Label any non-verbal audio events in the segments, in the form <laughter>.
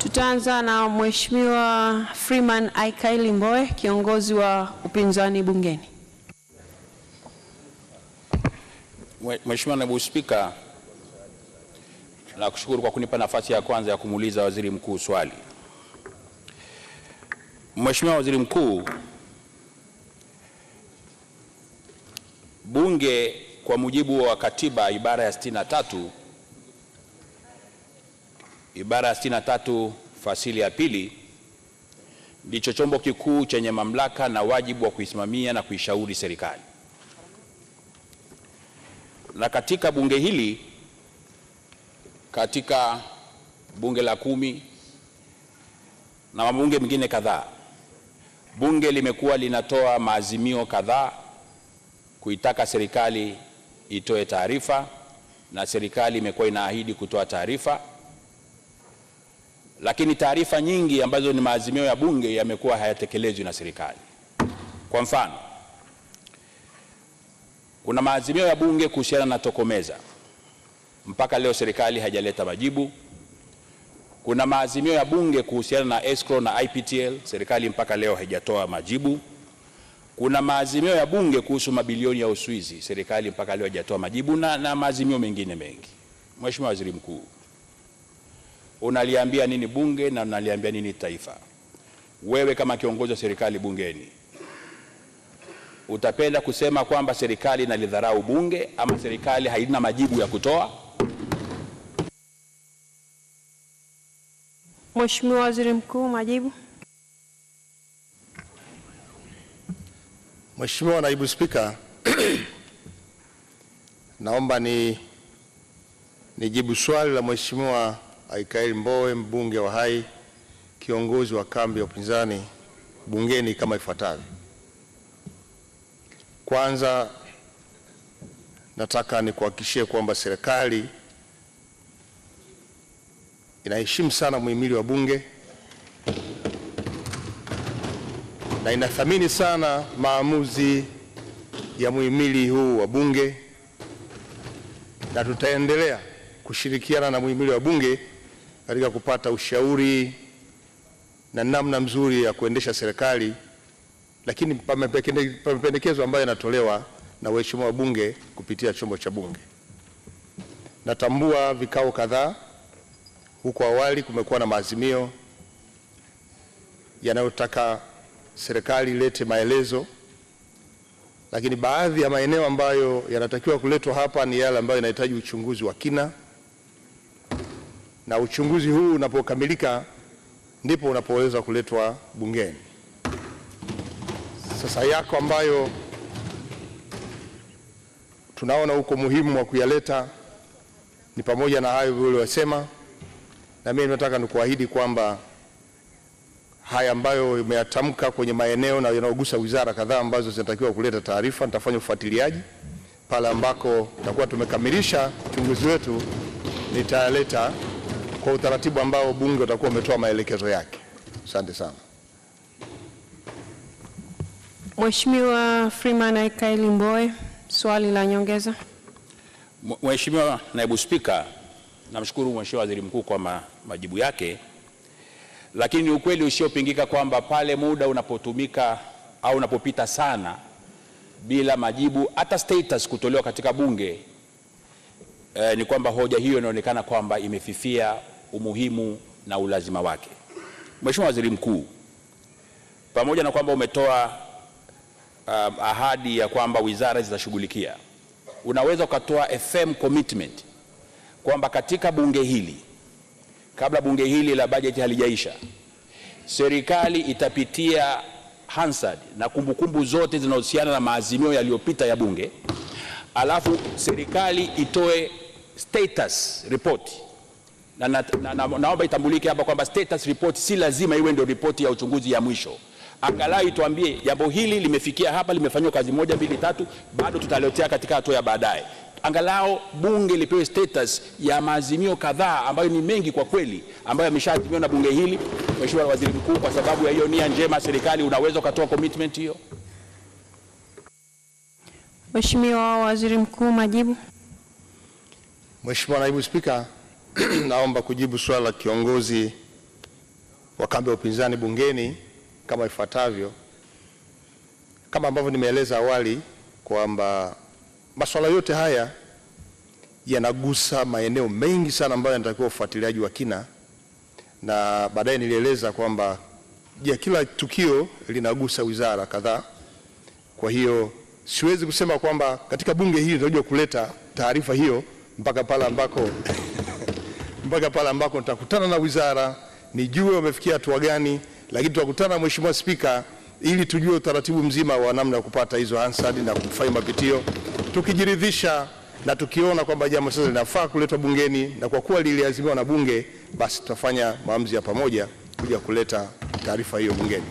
Tutaanza na Mheshimiwa Freeman Aikaeli Mbowe, kiongozi wa upinzani bungeni. Mheshimiwa Naibu Spika, nakushukuru kwa kunipa nafasi ya kwanza ya kumuuliza Waziri Mkuu swali. Mheshimiwa Waziri Mkuu, Bunge kwa mujibu wa katiba ibara ya 63 ibara ya 63 fasili ya pili ndicho chombo kikuu chenye mamlaka na wajibu wa kuisimamia na kuishauri serikali. Na katika bunge hili, katika bunge la kumi na mabunge mengine kadhaa, bunge limekuwa linatoa maazimio kadhaa kuitaka serikali itoe taarifa, na serikali imekuwa inaahidi kutoa taarifa lakini taarifa nyingi ambazo ni maazimio ya bunge yamekuwa hayatekelezwi na serikali. Kwa mfano, kuna maazimio ya bunge kuhusiana na tokomeza, mpaka leo serikali haijaleta majibu. Kuna maazimio ya bunge kuhusiana na escrow na IPTL, serikali mpaka leo haijatoa majibu. Kuna maazimio ya bunge kuhusu mabilioni ya Uswizi, serikali mpaka leo haijatoa majibu na, na maazimio mengine mengi. Mheshimiwa Waziri Mkuu, unaliambia nini bunge na unaliambia nini taifa? Wewe kama kiongozi wa serikali bungeni utapenda kusema kwamba serikali inalidharau bunge ama serikali haina majibu ya kutoa? Mheshimiwa Waziri Mkuu, majibu. Mheshimiwa Naibu Spika, <clears throat> naomba ni nijibu swali la Mheshimiwa Aikaeli Mbowe, mbunge wa Hai, kiongozi wa kambi ya upinzani bungeni kama ifuatavyo. Kwanza nataka nikuhakikishie kwamba serikali inaheshimu sana muhimili wa bunge na inathamini sana maamuzi ya muhimili huu wa bunge na tutaendelea kushirikiana na muhimili wa bunge katika kupata ushauri na namna mzuri ya kuendesha serikali, lakini pamependekezo ambayo yanatolewa na waheshimiwa wabunge kupitia chombo cha Bunge. Natambua vikao kadhaa huko awali kumekuwa na maazimio yanayotaka serikali ilete maelezo, lakini baadhi ya maeneo ambayo yanatakiwa kuletwa hapa ni yale ambayo yanahitaji uchunguzi wa kina na uchunguzi huu unapokamilika ndipo unapoweza kuletwa bungeni. Sasa yako ambayo tunaona uko muhimu wa kuyaleta ni pamoja na hayo uliosema, na mimi nataka nikuahidi kwamba haya ambayo umeyatamka kwenye maeneo na yanayogusa wizara kadhaa ambazo zinatakiwa kuleta taarifa, nitafanya ufuatiliaji pale ambako tutakuwa tumekamilisha uchunguzi wetu, nitaleta kwa utaratibu ambao bunge utakuwa umetoa maelekezo yake. Asante sana. Mheshimiwa Freeman Aikaeli Mbowe, swali la nyongeza. Mheshimiwa Naibu Spika, namshukuru Mheshimiwa Waziri Mkuu kwa ma, majibu yake, lakini ni ukweli usiopingika kwamba pale muda unapotumika au unapopita sana bila majibu hata status kutolewa katika bunge eh, ni kwamba hoja hiyo inaonekana kwamba imefifia umuhimu na ulazima wake. Mheshimiwa Waziri Mkuu, pamoja na kwamba umetoa um, ahadi ya kwamba wizara zitashughulikia, unaweza ukatoa firm commitment kwamba katika bunge hili, kabla bunge hili la bajeti halijaisha, serikali itapitia Hansard na kumbukumbu kumbu zote zinahusiana na maazimio yaliyopita ya bunge, alafu serikali itoe status report na, na, na, na, naomba itambulike hapa kwamba status report si lazima iwe ndio ripoti ya uchunguzi ya mwisho. Angalau ituambie jambo hili limefikia hapa, limefanywa kazi moja mbili tatu, bado tutaletea katika hatua ya baadaye. Angalau bunge lipewe status ya maazimio kadhaa ambayo ni mengi kwa kweli, ambayo yameshaazimiwa na bunge hili. Mheshimiwa Waziri Mkuu, kwa sababu ya hiyo nia njema serikali, unaweza ukatoa commitment hiyo. Mheshimiwa Waziri Mkuu, majibu. Mheshimiwa Naibu Spika, <clears throat> naomba kujibu swala la kiongozi wa kambi ya upinzani bungeni kama ifuatavyo. Kama ambavyo nimeeleza awali kwamba masuala yote haya yanagusa maeneo mengi sana ambayo yanatakiwa ufuatiliaji wa kina, na baadaye nilieleza kwamba ya kila tukio linagusa wizara kadhaa. Kwa hiyo siwezi kusema kwamba katika bunge hili tunajua kuleta taarifa hiyo mpaka pale ambako mpaka pale ambako nitakutana na wizara nijue wamefikia hatua gani, lakini tutakutana Mheshimiwa Spika ili tujue utaratibu mzima wa namna ya kupata hizo answer na kufanya mapitio, tukijiridhisha na tukiona kwamba jambo sasa linafaa kuletwa bungeni, na kwa kuwa liliazimiwa na Bunge, basi tutafanya maamuzi ya pamoja kuja kuleta taarifa hiyo bungeni.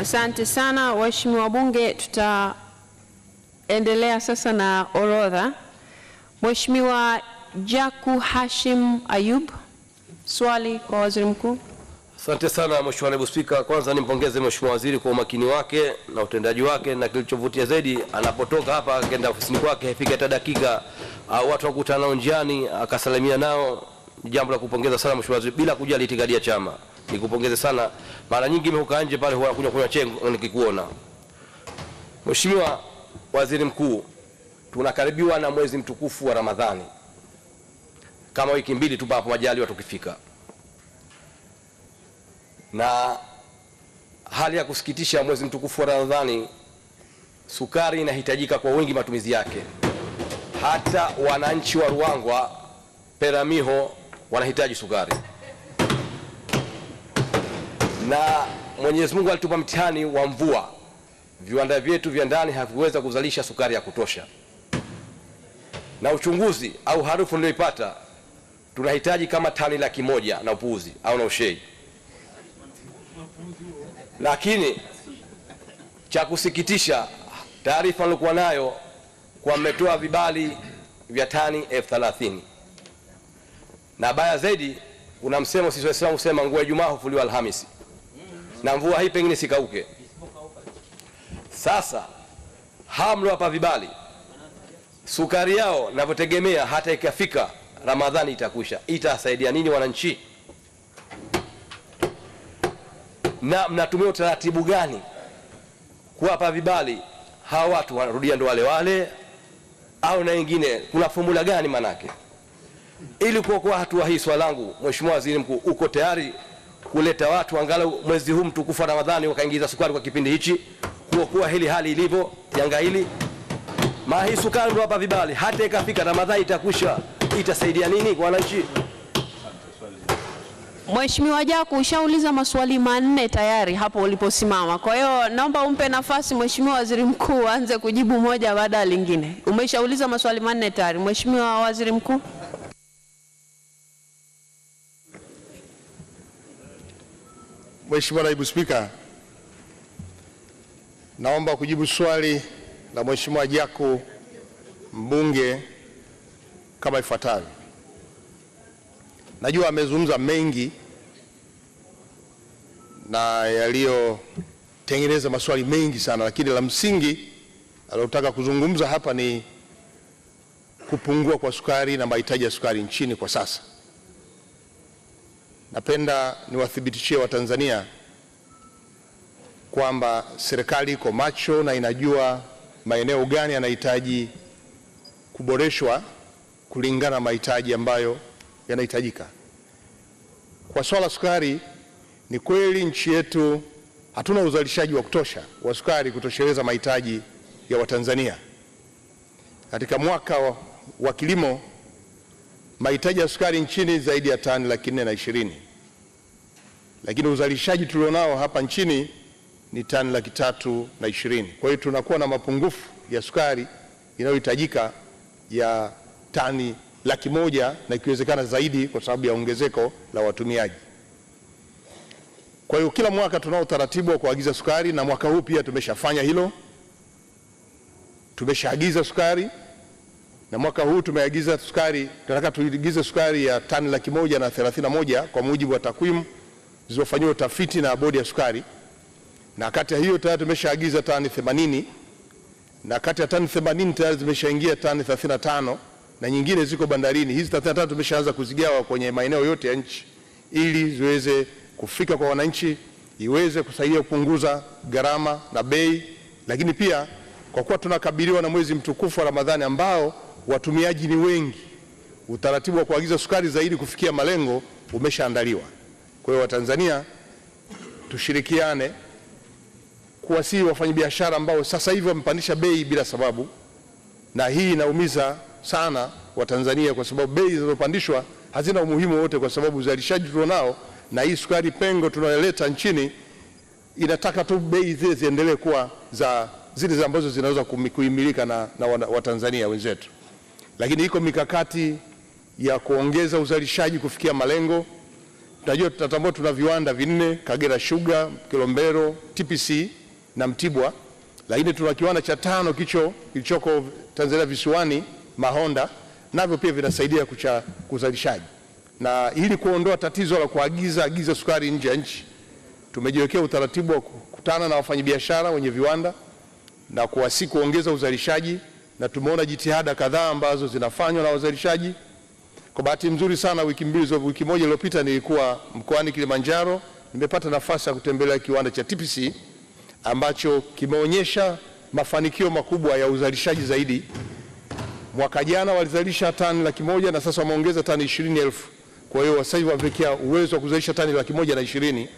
Asante sana waheshimiwa wabunge, tutaendelea sasa na orodha. Mheshimiwa Jaku Hashim Ayub, swali kwa Waziri Mkuu. Asante sana Mheshimiwa Naibu Spika, kwanza nimpongeze Mheshimiwa Waziri kwa umakini wake na utendaji wake, na kilichovutia zaidi anapotoka hapa akaenda ofisini kwake haifika hata dakika uh, watu wakutana nao njiani akasalimia nao, jambo la kupongeza sana Mheshimiwa Waziri, bila kujali itikadi ya chama. Nikupongeze sana, mara nyingi imehuka nje pale huwa kunywa kunywa nikikuona. Mheshimiwa Waziri Mkuu, tunakaribiwa na mwezi mtukufu wa Ramadhani, kama wiki mbili tu majali majaliwa tukifika, na hali ya kusikitisha, mwezi mtukufu wa Ramadhani sukari inahitajika kwa wingi matumizi yake. Hata wananchi wa Ruangwa Peramiho wanahitaji sukari, na Mwenyezi Mungu alitupa mtihani wa mvua, viwanda vyetu vya ndani haviweza kuzalisha sukari ya kutosha na uchunguzi au harufu niliyoipata, tunahitaji kama tani laki moja na upuuzi au na ushei. Lakini cha kusikitisha, taarifa nilikuwa nayo kwa mmetoa vibali vya tani elfu thelathini na baya zaidi, kuna msemo sisi Waislamu husema nguo ya Ijumaa hufuliwa Alhamisi, na mvua hii pengine sikauke. Sasa hamlo hapa vibali sukari yao navyotegemea, hata ikafika Ramadhani itakusha itasaidia nini wananchi? Na mnatumia utaratibu gani kuwapa vibali hawa watu wanarudia ndo wale wale au na wengine? Kuna fomula gani manake ili kuokoa hatua hii? Swali langu Mheshimiwa Waziri Mkuu, uko tayari kuleta watu angalau mwezi huu mtukufu wa Ramadhani wakaingiza sukari kwa kipindi hichi, kuokoa hili hali ilivyo janga hili? Mahisu kando hapa vibali, hata ikafika Ramadhani itakwisha, itasaidia nini kwa wananchi? Mheshimiwa Jaku, ushauliza maswali manne tayari hapo uliposimama. Kwa hiyo naomba umpe nafasi Mheshimiwa Waziri Mkuu aanze kujibu moja baada ya lingine. Umeshauliza maswali manne tayari. Mheshimiwa Waziri Mkuu. Mheshimiwa Naibu Spika, naomba kujibu swali na Mheshimiwa Jaku mbunge kama ifuatavyo. Najua amezungumza mengi na yaliyotengeneza maswali mengi sana, lakini la msingi aliotaka kuzungumza hapa ni kupungua kwa sukari na mahitaji ya sukari nchini kwa sasa. Napenda niwathibitishie Watanzania kwamba serikali iko macho na inajua maeneo gani yanahitaji kuboreshwa kulingana na mahitaji ambayo yanahitajika. Kwa swala sukari, ni kweli nchi yetu hatuna uzalishaji wa kutosha wa sukari kutosheleza mahitaji ya Watanzania. Katika mwaka wa, wa kilimo mahitaji ya sukari nchini zaidi ya tani laki nne na ishirini, lakini uzalishaji tulionao hapa nchini ni tani laki tatu na ishirini. Kwa hiyo tunakuwa na mapungufu ya sukari inayohitajika ya tani laki moja na ikiwezekana zaidi, kwa sababu ya ongezeko la watumiaji. Kwa hiyo kila mwaka tunao utaratibu wa kuagiza sukari, na mwaka huu pia tumeshafanya hilo, tumeshaagiza sukari na mwaka huu tumeagiza sukari, tunataka tuigize sukari ya tani laki moja na thelathini na moja kwa mujibu wa takwimu zilizofanyiwa utafiti na bodi ya sukari na kati ya hiyo tayari tumeshaagiza tani 80 na kati ya tani 80 tayari zimeshaingia tani 35 na nyingine ziko bandarini. Hizi 35 tumeshaanza kuzigawa kwenye maeneo yote ya nchi ili ziweze kufika kwa wananchi, iweze kusaidia kupunguza gharama na bei, lakini pia kwa kuwa tunakabiliwa na mwezi mtukufu wa Ramadhani ambao watumiaji ni wengi, utaratibu wa kuagiza sukari zaidi kufikia malengo umeshaandaliwa. Kwa hiyo Watanzania tushirikiane kuwasihi wafanyabiashara ambao sasa hivi wamepandisha bei bila sababu, na hii inaumiza sana Watanzania kwa sababu bei zinazopandishwa hazina umuhimu wote, kwa sababu uzalishaji tulionao na hii sukari pengo tunayoleta nchini inataka tu bei zile ziendelee kuwa za zile ambazo zinaweza kuimilika na, na Watanzania wenzetu, lakini iko mikakati ya kuongeza uzalishaji kufikia malengo. Tunajua tutatambua, tuna viwanda vinne Kagera Sugar, Kilombero, TPC na Mtibwa, lakini tuna kiwanda cha tano kicho kilichoko Tanzania visiwani Mahonda, navyo pia vinasaidia kuzalishaji, Na ili kuondoa tatizo la kuagiza agiza sukari nje ya nchi, tumejiwekea utaratibu wa kukutana na wafanyabiashara wenye viwanda na kuwasi kuongeza uzalishaji, na tumeona jitihada kadhaa ambazo zinafanywa na wazalishaji. Kwa bahati nzuri sana, wiki mbili wiki moja iliyopita nilikuwa mkoani Kilimanjaro, nimepata nafasi ya kutembelea kiwanda cha TPC ambacho kimeonyesha mafanikio makubwa ya uzalishaji zaidi. Mwaka jana walizalisha tani laki moja na sasa wameongeza tani ishirini elfu. Kwa hiyo sasa hivi wamefikia uwezo wa kuzalisha tani laki moja na ishirini,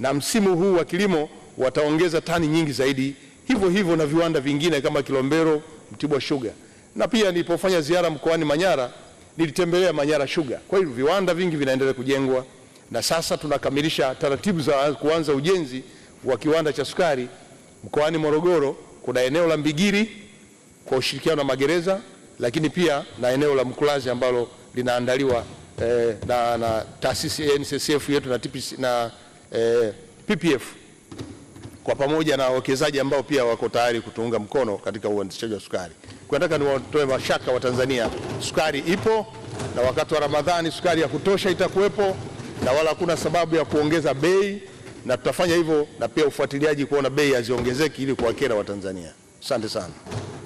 na msimu huu wa kilimo wataongeza tani nyingi zaidi, hivyo hivyo na viwanda vingine kama Kilombero, Mtibwa Sugar. Na pia nilipofanya ziara mkoani Manyara nilitembelea Manyara Sugar. Kwa hiyo viwanda vingi vinaendelea kujengwa na sasa tunakamilisha taratibu za kuanza ujenzi wa kiwanda cha sukari mkoani Morogoro, kuna eneo la Mbigiri kwa ushirikiano na magereza, lakini pia na eneo la Mkulazi ambalo linaandaliwa eh, na, na taasisi NCCF yetu na, TPC, na eh, PPF kwa pamoja na wawekezaji ambao pia wako tayari kutuunga mkono katika uanzishaji wa sukari. Kwa nataka niwatoe mashaka wa Tanzania, sukari ipo na wakati wa Ramadhani sukari ya kutosha itakuwepo na wala hakuna sababu ya kuongeza bei na tutafanya hivyo na pia ufuatiliaji kuona bei haziongezeki ili kuwakera Watanzania. Asante sana.